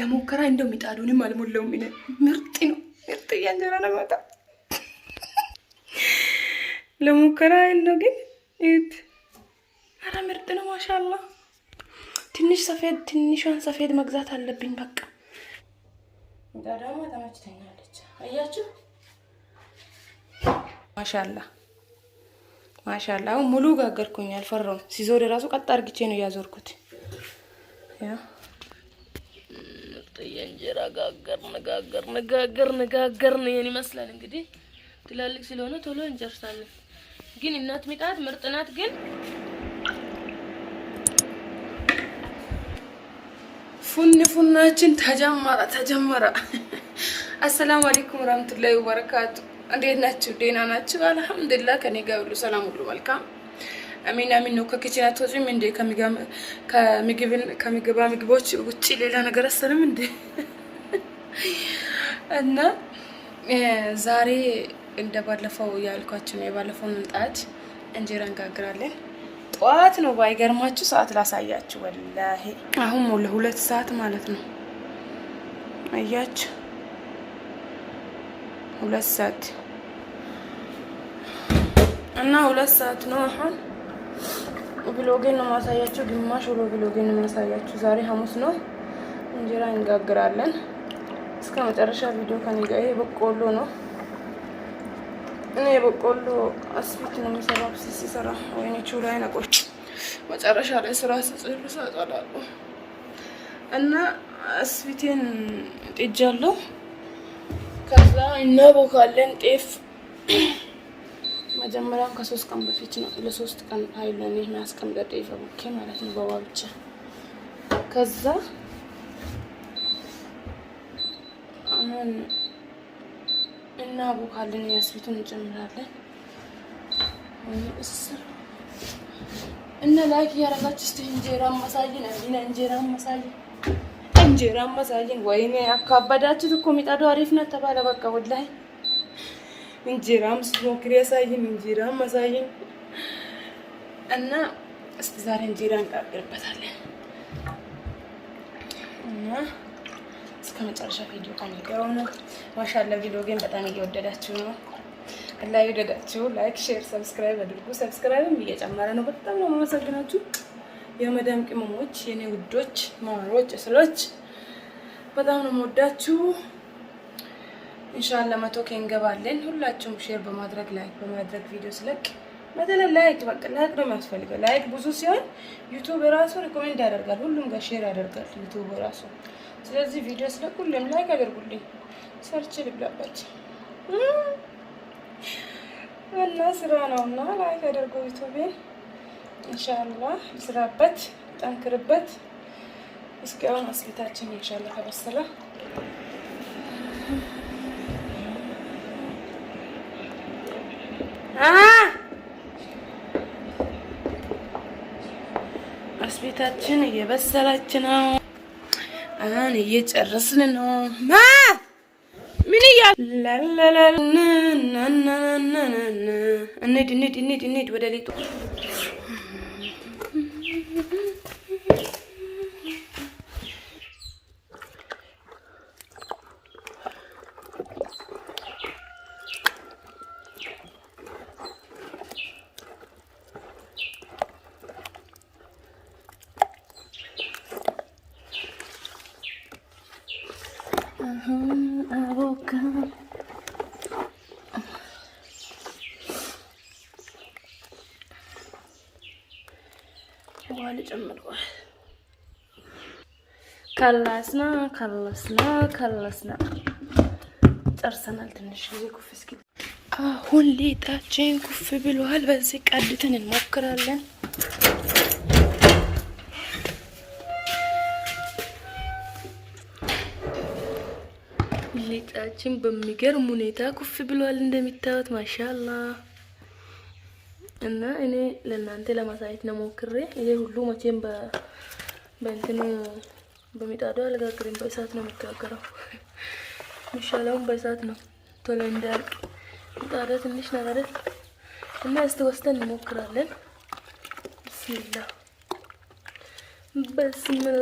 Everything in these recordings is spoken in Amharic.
ለሞከራ እንደው ሚጣዱንም አልሞላውም። እኔ ምርጥ ነው ምርጥ እያንጀራ ነመጣ ለሙከራ ነው ግን እት አረ ምርጥ ነው። ማሻላ ትንሽ ሰፌድ ትንሿን ሰፌድ መግዛት አለብኝ። በቃ ዳዳማ ተመችተኛለች። አያችሁ ማሻላ ማሻላ። አሁን ሙሉ ጋገርኩኝ። አልፈራውም። ሲዞር ራሱ ቀጥ አርግቼ ነው እያዞርኩት ያ ነጋገር ነጋገር ነጋገር ነጋገር ነው። የኔ ይመስላል እንግዲህ ትላልቅ ስለሆነ ቶሎ እንጨርሳለን። ግን እናት ሚጣት ምርጥ ናት ግን ፉን ፉናችን ተጀመረ ተጀመረ። አሰላሙ አለይኩም ወራህመቱላሂ ወበረካቱ። እንዴት ናችሁ? ደህና ናችሁ? አልሐምዱሊላህ ከኔ ጋር ሁሉ ሰላም፣ ሁሉ መልካም። አሚን አሚን ነው። ከኪችን አትወጪም እንዴ? ከምግባ ምግቦች ውጭ ሌላ ነገር አሰለም እንዴ? እና ዛሬ እንደ ባለፈው ያልኳቸው ነው። የባለፈው ምጣድ እንጀራ እንጋግራለን። ጠዋት ነው ባይገርማችሁ፣ ሰዓት ላሳያችሁ። ወላሂ አሁን ሞለ ሁለት ሰዓት ማለት ነው። አያችሁ ሁለት ሰዓት እና ሁለት ሰዓት ነው አሁን። ብሎጌን ነው ማሳያችሁ፣ ግማሽ ብሎ ብሎጌን ነው ማሳያችሁ። ዛሬ ሐሙስ ነው። እንጀራ እንጋግራለን። እስከ መጨረሻ ቪዲዮ ከኔ ጋር። ይሄ በቆሎ ነው። እኔ የበቆሎ አስፊት ነው የሚሰራው። ሲሰራ ወይኔ ቹላይ ነቆ መጨረሻ ላይ ስራ ስጨርስ አጠላለሁ እና አስፊቴን ጤጃለሁ። ከዛ እናቦካለን ጤፍ መጀመሪያም ከሶስት ቀን በፊት ነው ለሶስት ቀን ሀይሎን የሚያስቀምጠ ጤፍ ቦኬ ማለት ነው በዋ ከዛ አሁን እናቦካለን። ያስሉትን እንጨምራለን እና ላይክ እያደረጋችሁ እስኪ እንጀራ ማሳየን፣ አዲና እንጀራ ማሳየን፣ እንጀራ ማሳይን። ወይኔ አካበዳችሁት እኮ ሚጣዱ አሪፍ ነው ተባለ። በቃ ወላሂ እንጀራም ስትሞክሪ ያሳይን፣ እንጀራ ማሳየን። እና እስቲ ዛሬ እንጀራ እንቀቅልበታለን እና እስከ መጨረሻ ቪዲዮ ካየቀው ነው። ማሻአላ ቪዲዮ ግን በጣም እየወደዳችሁ ነው። አላህ ይወደዳችሁ። ላይክ፣ ሼር፣ ሰብስክራይብ አድርጉ። ሰብስክራይብም እየጨመረ ነው። በጣም ነው የማመሰግናችሁ የመዳም ቅመሞች፣ የኔ ውዶች፣ ማሮች፣ እስሎች በጣም ነው የምወዳችሁ። ኢንሻአላ መቶ ኬ እንገባለን። ሁላችሁም ሼር በማድረግ ላይክ በማድረግ ቪዲዮ ስለቅ በተለይ ላይክ በቃ ላይክ ነው የሚያስፈልገው። ላይክ ብዙ ሲሆን ዩቱብ ራሱ ሪኮሜንድ ያደርጋል፣ ሁሉም ጋር ሼር ያደርጋል ዩቲዩብ ራሱ ስለዚህ ቪዲዮ ስለኩልም ላይክ አድርጉልኝ። ሰርች ልብላባቸው እና ስራ ነው እና ላይክ አድርጉ። ዩቱቤን እንሻላ ስራበት፣ ጠንክርበት። እስካሁን አስጌታችን እንሻላ ከበሰለ አስቤታችን እየበሰለች ነው። አሁን እየጨረስን ነው። ማ ምን እያል እንሂድ እንሂድ እንሂድ እንሂድ ወደ ሌጡ ከላስና ከላስና ከላስና ጨርሰናል። ትንሽ ጊዜ ኩፍ እስኪ አሁን ሊጣችን ኩፍ ብሏል። በዚህ ቀድተን እንሞክራለን። ወጫችን በሚገርም ሁኔታ ኩፍ ብሏል። እንደሚታዩት ማሻላ እና እኔ ለእናንተ ለማሳየት ነው ሞክሬ። ይሄ ሁሉ መቼም በእንትኑ በሚጣዱ አልጋግሬም፣ በእሳት ነው የሚጋገረው። የሚሻለውም በእሳት ነው ቶሎ እንዳያልቅ ምጣዷ ትንሽ ነገረት እና እስቲ ወስተን እንሞክራለን። ብስሚላ በስምላ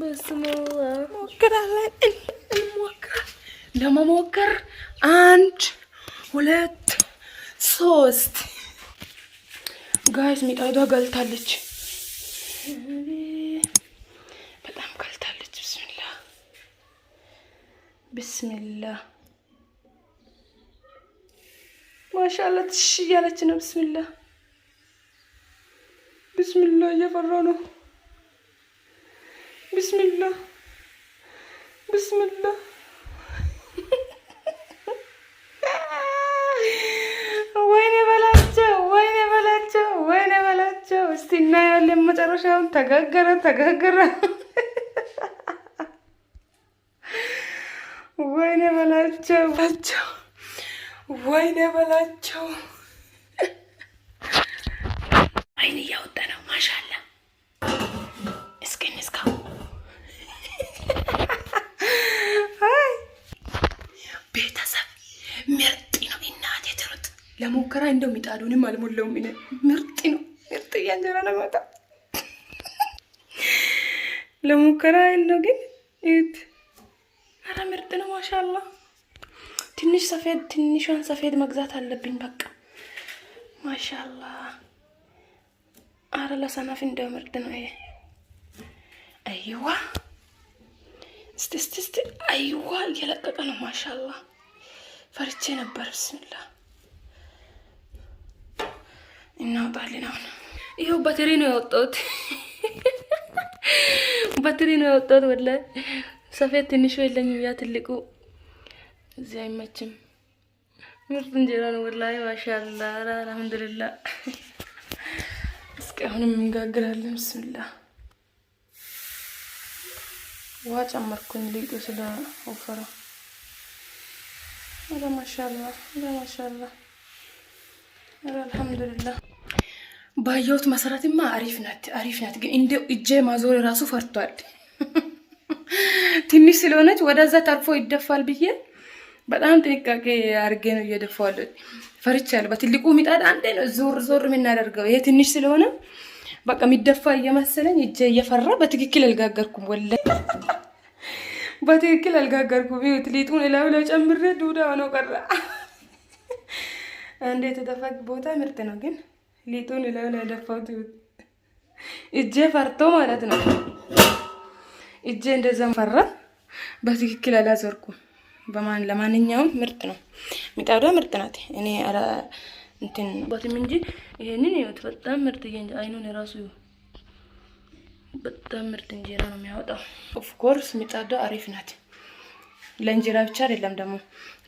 በስምላ ሞክራለን። ለመሞከር አንድ ሁለት ሶስት ጋይስ ሚጣዷ ገልታለች። በጣም ገልታለች። ብስሚላ ብስሚላ ማሻላ ትሽ እያለች ነው። ብስሚላ ብስሚላ እየፈራ ነው። ብስሚላ ብስሚላ እናያለን። መጨረሻውን ተጋገረ ተጋገረ። ወይኔ በላቸው በላቸው፣ ወይኔ በላቸው። አይን እያወጣ ነው። ማሻላ እስኪን ቤተሰብ ምርጥ ነው። እናቴ ለሙከራ እንደው ሚጣዱንም አልሞላውም። ምርጥ ነው። ብያ እንጀራ ለማውጣት ለሙከራ ያለው ግን ይት አረ ምርጥ ነው። ማሻላ ትንሽ ሰፌድ ትንሿን ሰፌድ መግዛት አለብኝ። በቃ ማሻላ አረ ለሰናፍ እንደው ምርጥ ነው ይሄ። አይዋ እስቲ እስቲ እስቲ አይዋ እየለቀቀ ነው። ማሻላ ፈርቼ ነበር። ብስምላ እናውጣልን አሁን ይኸው በትሪ ነው የወጣሁት፣ በትሪ ነው የወጣሁት። ወላሂ ሰፌት ትንሹ የለኝም፣ ያ ትልቁ እዚህ አይመችም። ምርጥ እንጀራ ነው ወላሂ። ማሻላ አልሐምዱሊላ። እስኪ አሁንም እንጋግራለን። ብስምላ ውሃ ጨመርኩኝ፣ ሊጡ ስለወፈረ ማሻላ ማሻላ አልሐምዱሊላ ባየሁት መሰረትማ አሪፍ ናት፣ አሪፍ ናት። ግን እንደ እጄ ማዞር ራሱ ፈርቷል። ትንሽ ስለሆነች ወደዛ ተርፎ ይደፋል ብዬ በጣም ጥንቃቄ አርጌ ነው እየደፋዋለሁ። ፈርቻለሁ። በትልቁ ምጣድ አንዴ ነው ዞር ዞር የምናደርገው። ይሄ ትንሽ ስለሆነ በቃ የሚደፋ እየመሰለኝ እጄ እየፈራ በትክክል አልጋገርኩም። ወለ በትክክል አልጋገርኩም። ይኸውት ሊጡን እላዩ ላይ ጨምሬ ዱዳ ነው ቀራ። አንዴ የተደፋ ቦታ ምርጥ ነው ግን ሊጡን ላዩ ላይ ደፋሁት። እጄ ፈርቶ ማለት ነው። እጄ እንደዛም ፈራ። በትክክል አላዞርኩም። በማን ለማንኛውም ምርጥ ነው። ሚጣዷ ምርጥ ናት። እኔ እንትን ቦትም እንጂ ይሄንን ይወት በጣም ምርጥ እንጂ አይኑን የራሱ በጣም ምርጥ እንጀራ ነው የሚያወጣው። ኦፍ ሚጣዷ አሪፍ ናት። ለእንጀራ ብቻ አይደለም ደግሞ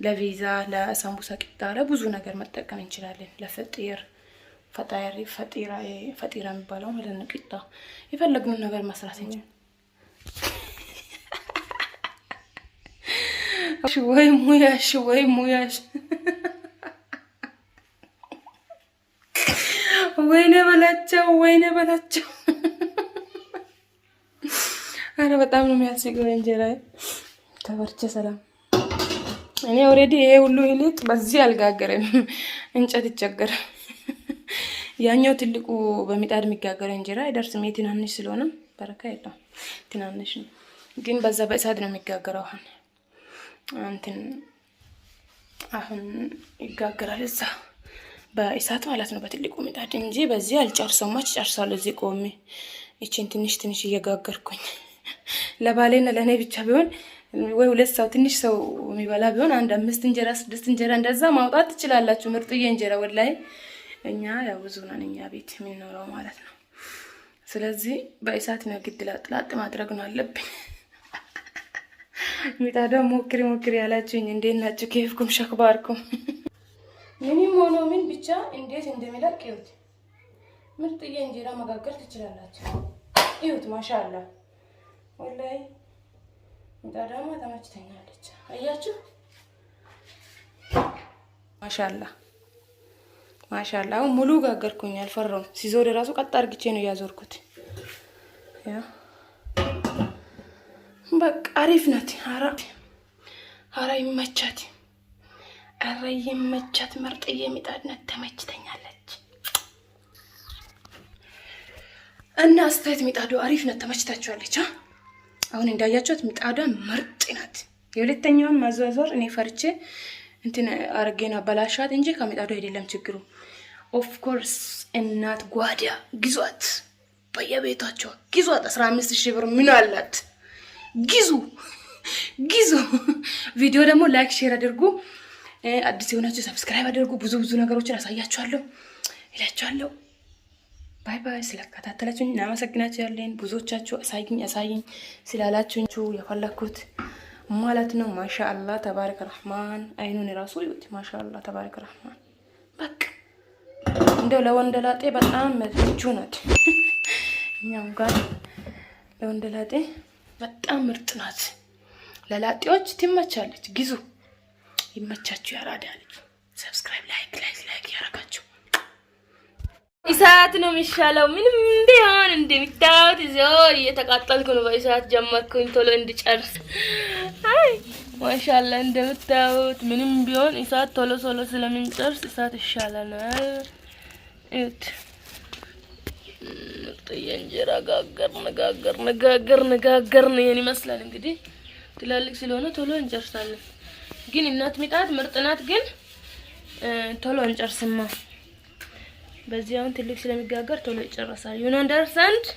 ለቪዛ፣ ለሳምቡሳ፣ ቂጣ፣ ለብዙ ነገር መጠቀም እንችላለን። ለፍጥር ፈጣሪ ፈጢራ ፈጢራ የሚባለው ማለት ነው። ቂጣ የፈለግነው ነገር መስራት እንጂ እሺ ወይ ሙያሽ ወይ ሙያሽ ወይኔ በላቸው ወይኔ በላቸው። አረ በጣም ነው የሚያስገው እንጀራ ተበርቼ ሰላም እኔ ኦልሬዲ ይሄ ሁሉ ይልቅ በዚህ አልጋገረም እንጨት ይቸገረ ያኛው ትልቁ በሚጣድ የሚጋገረው እንጀራ አይደርስም። ይሄ ትናንሽ ስለሆነ በረካ የለውም። ትናንሽ ነው ግን በዛ በእሳት ነው የሚጋገረው። አሁን እንትን አሁን ይጋገራል እዛ በእሳት ማለት ነው፣ በትልቁ ምጣድ እንጂ በዚህ አልጨርሰውማ። ጨርሳለሁ እዚህ ቆሜ ይችን ትንሽ ትንሽ እየጋገርኩኝ ለባሌና ለእኔ ብቻ ቢሆን ወይ ሁለት ሰው ትንሽ ሰው የሚበላ ቢሆን አንድ አምስት እንጀራ ስድስት እንጀራ እንደዛ ማውጣት ትችላላችሁ። ምርጥዬ እንጀራ ወላሂ እኛ ያው ብዙ ነን እኛ ቤት የምንኖረው ማለት ነው። ስለዚህ በእሳት ነው ግድ ላጥላጥ ማድረግ ነው አለብኝ። ሚጣዷን ሞክሪ ሞክሪ ያላችሁኝ እንዴት ናችሁ? ኬፍኩም ሸክባርኩም ምንም ሆኖ ምን ብቻ እንዴት እንደሚለቅ ይሁት ምርጥዬ እንጀራ መጋገር ትችላላችሁ። ይሁት ማሻላ ወላይ ሚጣዷማ ተመችተኛለች። አያችሁ ማሻላ ማሻላ አሁን ሙሉ ጋገርኩኝ። አልፈራውም። ሲዞር ራሱ ቀጥ አርግቼ ነው ያዞርኩት። በቃ አሪፍ ናት። አራ አራ ይመቻት፣ አራ ይመቻት። መርጥዬ ምጣድ ናት፣ ተመችተኛለች። እና አስተያየት ሚጣዶ አሪፍ ናት፣ ተመችታችኋለች? አሁን እንዳያችሁት ሚጣዷ ምርጥ ናት። የሁለተኛውን ማዟዟር እኔ ፈርቼ እንትን አርጌና በላሻት እንጂ ከሚጣዶ አይደለም ችግሩ። ኦፍኮርስ እናት ጓዳ ግዟት፣ በየቤታቸው ግዟት። አስራ አምስት ሺህ ብር ምን አላት? ግዙ ግዙ። ቪዲዮ ደግሞ ላይክ፣ ሼር አድርጉ። አዲስ የሆናችሁ ሰብስክራይብ አድርጉ። ብዙ ብዙ ነገሮችን አሳያችኋለሁ እላችኋለሁ። ባይ ባይ። ስለከታተላችሁኝ እናመሰግናችሁ። ያለን ብዙዎቻችሁ አሳይኝ አሳይኝ ስላላችሁ የፈለኩት ማለት ነው። ማሻአላ ተባረከ ረህማን። አይኑን ራሱ ይሁት ማሻአላ ተባረከ ረህማን። በቃ እንደው ለወንደላጤ በጣም ምቹ ናት። እኛም ጋር ለወንደላጤ በጣም ምርጥ ናት። ለላጤዎች ትመቻለች። ግዙ። ይመቻችሁ። ያራዳ ልጅ ሰብስክራይብ፣ ላይክ፣ ላይክ፣ ላይክ ያረጋችሁ። እሳት ነው የሚሻለው። ምንም ቢሆን እንደሚታወት እዚያው እየተቃጠልኩ ነው። በእሳት ጀመርኩኝ ቶሎ እንድጨርስ። አይ ማሻላ እንደምታዩት ምንም ቢሆን እሳት ቶሎ ቶሎ ስለምንጨርስ እሳት ይሻለናል። እት እንጀራ ጋገር ነጋገር ነጋገር ነጋገር ነው ይመስላል። እንግዲህ ትላልቅ ስለሆነ ቶሎ እንጨርሳለን። ግን እናት ሚጣት ምርጥ ናት፣ ግን ቶሎ እንጨርስማ። በዚያውን ትልቅ ስለሚጋገር ቶሎ ዩ አንደርስታንድ